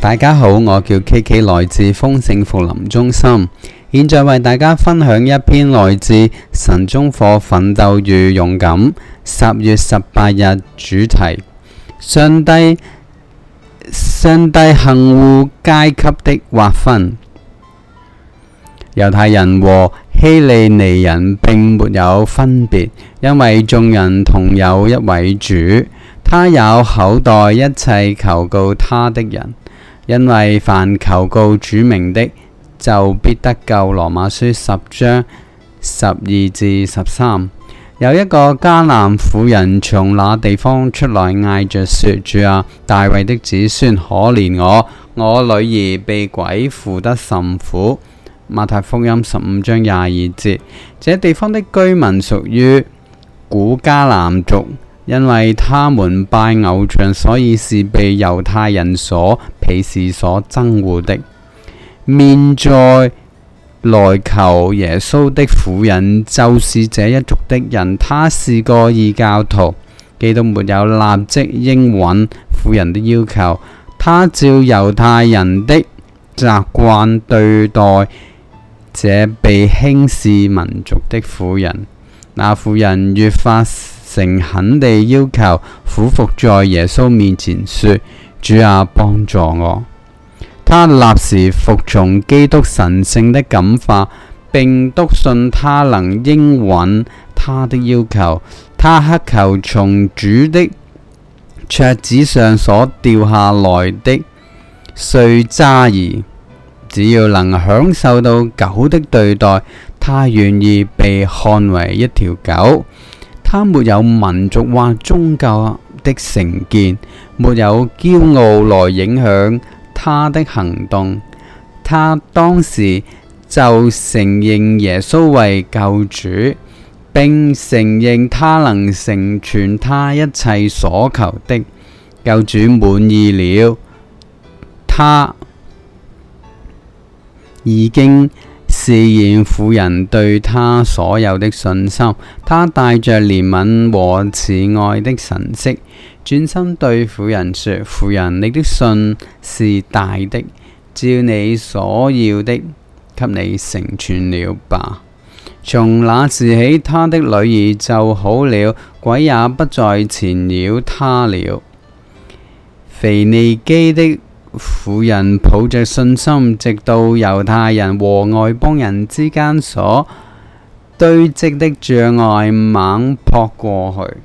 大家好，我叫 K K，來自豐盛福林中心，現在為大家分享一篇來自神中火奮鬥與勇敢十月十八日主題。上帝上帝憎惡階級的劃分，猶太人和希利尼人并沒有分別，因為眾人同有一位主，他有厚待一切求告他的人。因為凡求告主名的，就必得救。羅馬書十章十二至十三。有一個迦南婦人從那地方出來，嗌着說，主啊！大衛的子孫可憐我，我女兒被鬼附得甚苦。馬太福音十五章廿二節，這地方的居民屬於古迦南族。因為他們拜偶像，所以是被猶太人所鄙視、所憎惡的。面在來求耶穌的婦人就是這一族的人，他是個異教徒，基督沒有立即應允婦人的要求，他照猶太人的習慣對待這被輕視民族的婦人。那婦人越發。誠懇地要求，俯伏在耶穌面前說：主啊，幫助我！他立時服從基督神聖的感化，並篤信他能應允他的要求。他乞求從主的桌子上所掉下來的碎渣兒，只要能享受到狗的對待，他願意被看為一條狗。他沒有民族或宗教的成見，沒有驕傲來影響他的行動。他當時就承認耶穌為救主，並承認他能成全他一切所求的。救主滿意了，他已經。自然婦人對他所有的信心，他帶着憐憫和慈愛的神色，轉身對婦人說：婦人，你的信是大的，照你所要的，給你成全了吧。從那時起，他的女兒就好了，鬼也不再纏繞他了。腓尼基的。婦人抱着信心，直到猶太人和外邦人之間所堆積的障礙猛撲過去。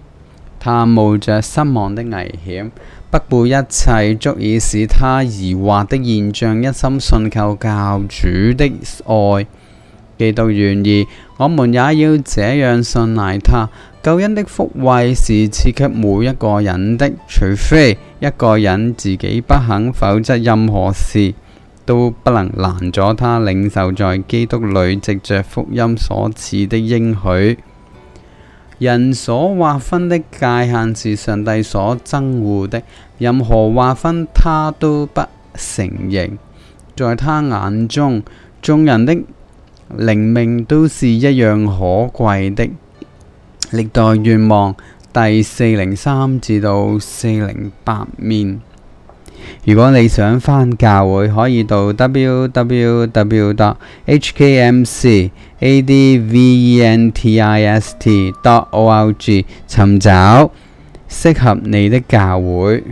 她冒着失望的危險，不顧一切足以使她疑惑的現象，一心信靠救主的愛。基督願意，我們也要這樣信賴他。救恩的福惠是賜給每一個人的，除非一個人自己不肯，否則任何事都不能攔阻他領受在基督裏藉着，着福音所賜的應許。人所劃分的界限是上帝所憎惡的，任何劃分他都不承認，在他眼中眾人的靈命都是一樣可貴的。歷代願望第四零三至到四零八面。如果你想返教會，可以到 w w w. dot h k m c a d v e n t i s t. dot o r g 尋找適合你的教會。